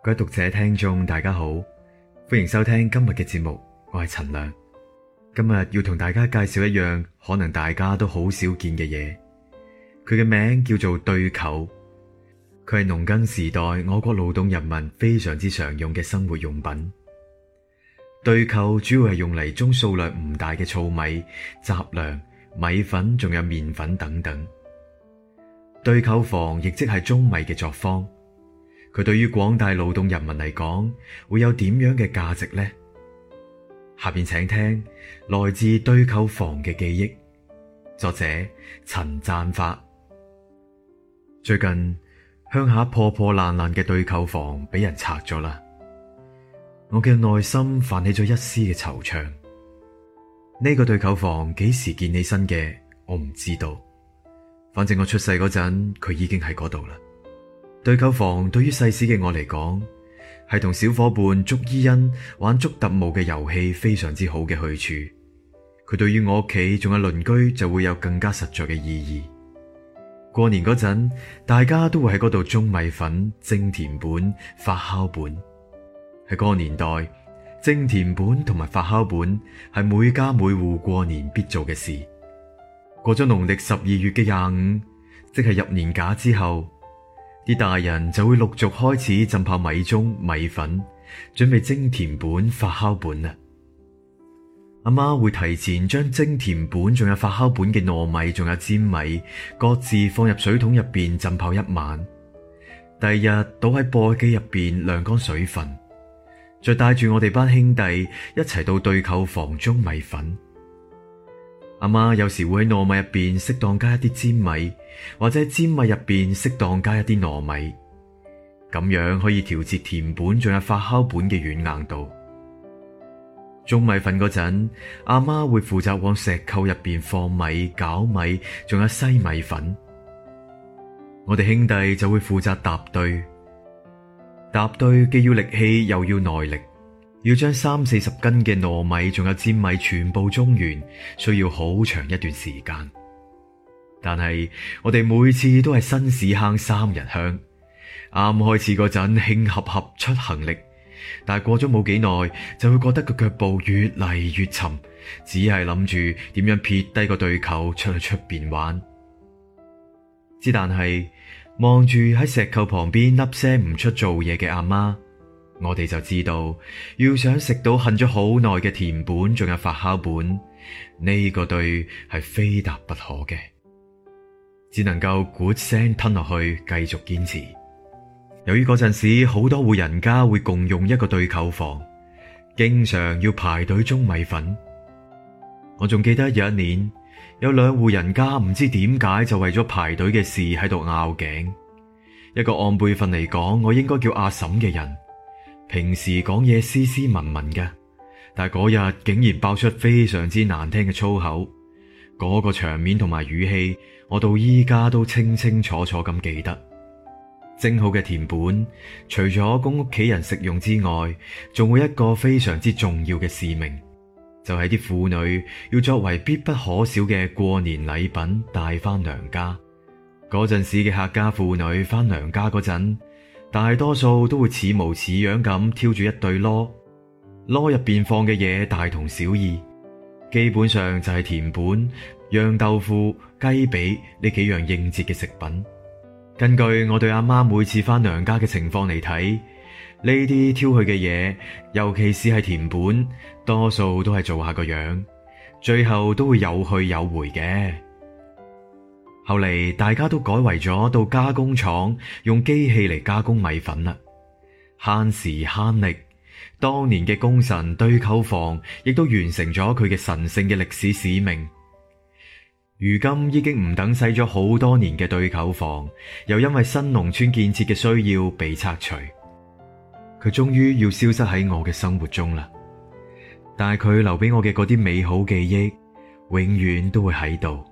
各位讀者、聽眾，大家好，歡迎收聽今日嘅節目，我係陳亮。今日要同大家介紹一樣可能大家都好少見嘅嘢，佢嘅名叫做碓臼，佢係農耕時代我國勞動人民非常之常用嘅生活用品。碓臼主要係用嚟舂數量唔大嘅糙米、雜糧、米粉，仲有麵粉等等。碓臼房亦即係舂米嘅作坊。佢對於廣大勞動人民嚟講，會有點樣嘅價值呢？下邊請聽來自碓臼房嘅記憶，作者陳贊發。最近鄉下破破爛爛嘅碓臼房俾人拆咗啦，我嘅內心泛起咗一絲嘅惆悵。呢個碓臼房幾時建起身嘅？我唔知道，反正我出世嗰陣，佢已經喺嗰度啦。碓臼房對於細時嘅我嚟講，係同小伙伴捉依恩玩捉特務嘅遊戲非常之好嘅去處。佢對於我屋企仲有鄰居就會有更加實在嘅意義。過年嗰陣，大家都會喺嗰度舂米粉、蒸甜粄、發酵粄。喺嗰個年代，蒸甜粄同埋發酵粄係每家每戶過年必做嘅事。過咗農曆十二月嘅廿五，即係入年架之後。啲大人就會陸續開始浸泡米舂米粉，準備蒸甜粄、發酵粄啦。阿媽會提前將蒸甜粄仲有發酵粄嘅糯米仲有粘米，各自放入水桶入邊浸泡一晚，第二日倒喺簸箕入邊晾乾水分，再帶住我哋班兄弟一齊到碓臼房舂米粉。阿媽有時會喺糯米入邊適當加一啲粘米，或者喺粘米入邊適當加一啲糯米，咁樣可以調節甜粄仲有發酵粄嘅軟硬度。舂米粉嗰陣，阿媽，媽會負責往石臼入邊放米、攪米仲有篩米粉，我哋兄弟就會負責踏碓。踏碓既要力氣又要耐力。要將三四十斤嘅糯米仲有粘米全部舂完，需要好長一段時間。但係我哋每次都係新屎坑三日香，啱開始嗰陣輕合合出行力，但係過咗冇幾耐就會覺得個腳步越嚟越沉，只係諗住點樣撇低個碓臼出去出邊玩。之但係望住喺石臼旁邊粒聲唔出做嘢嘅阿媽。我哋就知道，要想食到恨咗好耐嘅甜粄，仲有發酵粄呢個碓，係非踏不可嘅，只能夠咕聲吞落去，繼續堅持。由於嗰陣時好多戶人家會共用一個碓臼房，經常要排隊舂米粉。我仲記得有一年，有兩戶人家唔知點解就為咗排隊嘅事喺度拗頸。一個按輩份嚟講，我應該叫阿嬸嘅人。平時講嘢斯斯文文嘅，但係嗰日竟然爆出非常之難聽嘅粗口，嗰個場面同埋語氣，我到依家都清清楚楚咁記得。蒸好嘅甜粄，除咗供屋企人食用之外，仲有一個非常之重要嘅使命，就係啲婦女要作為必不可少嘅過年禮品帶返娘家。嗰陣時嘅客家婦女返娘家嗰陣。大多數都會似模似樣咁挑住一對籮格，籮格入邊放嘅嘢，大同小異，基本上就係甜粄、釀豆腐、雞髀呢幾樣應節嘅食品。根據我對阿媽每次返娘家嘅情況嚟睇，呢啲挑去嘅嘢，尤其是係甜粄，多數都係做下個樣，最後都會有去有回嘅。後嚟大家都改為咗到加工廠用機器嚟加工米粉啦，慳時慳力。當年嘅功臣碓臼房，亦都完成咗佢嘅神聖嘅歷史使命。如今已經唔等使咗好多年嘅碓臼房，又因為新農村建設嘅需要被拆除，佢終於要消失喺我嘅生活中啦。但係佢留俾我嘅嗰啲美好記憶，永遠都會喺度。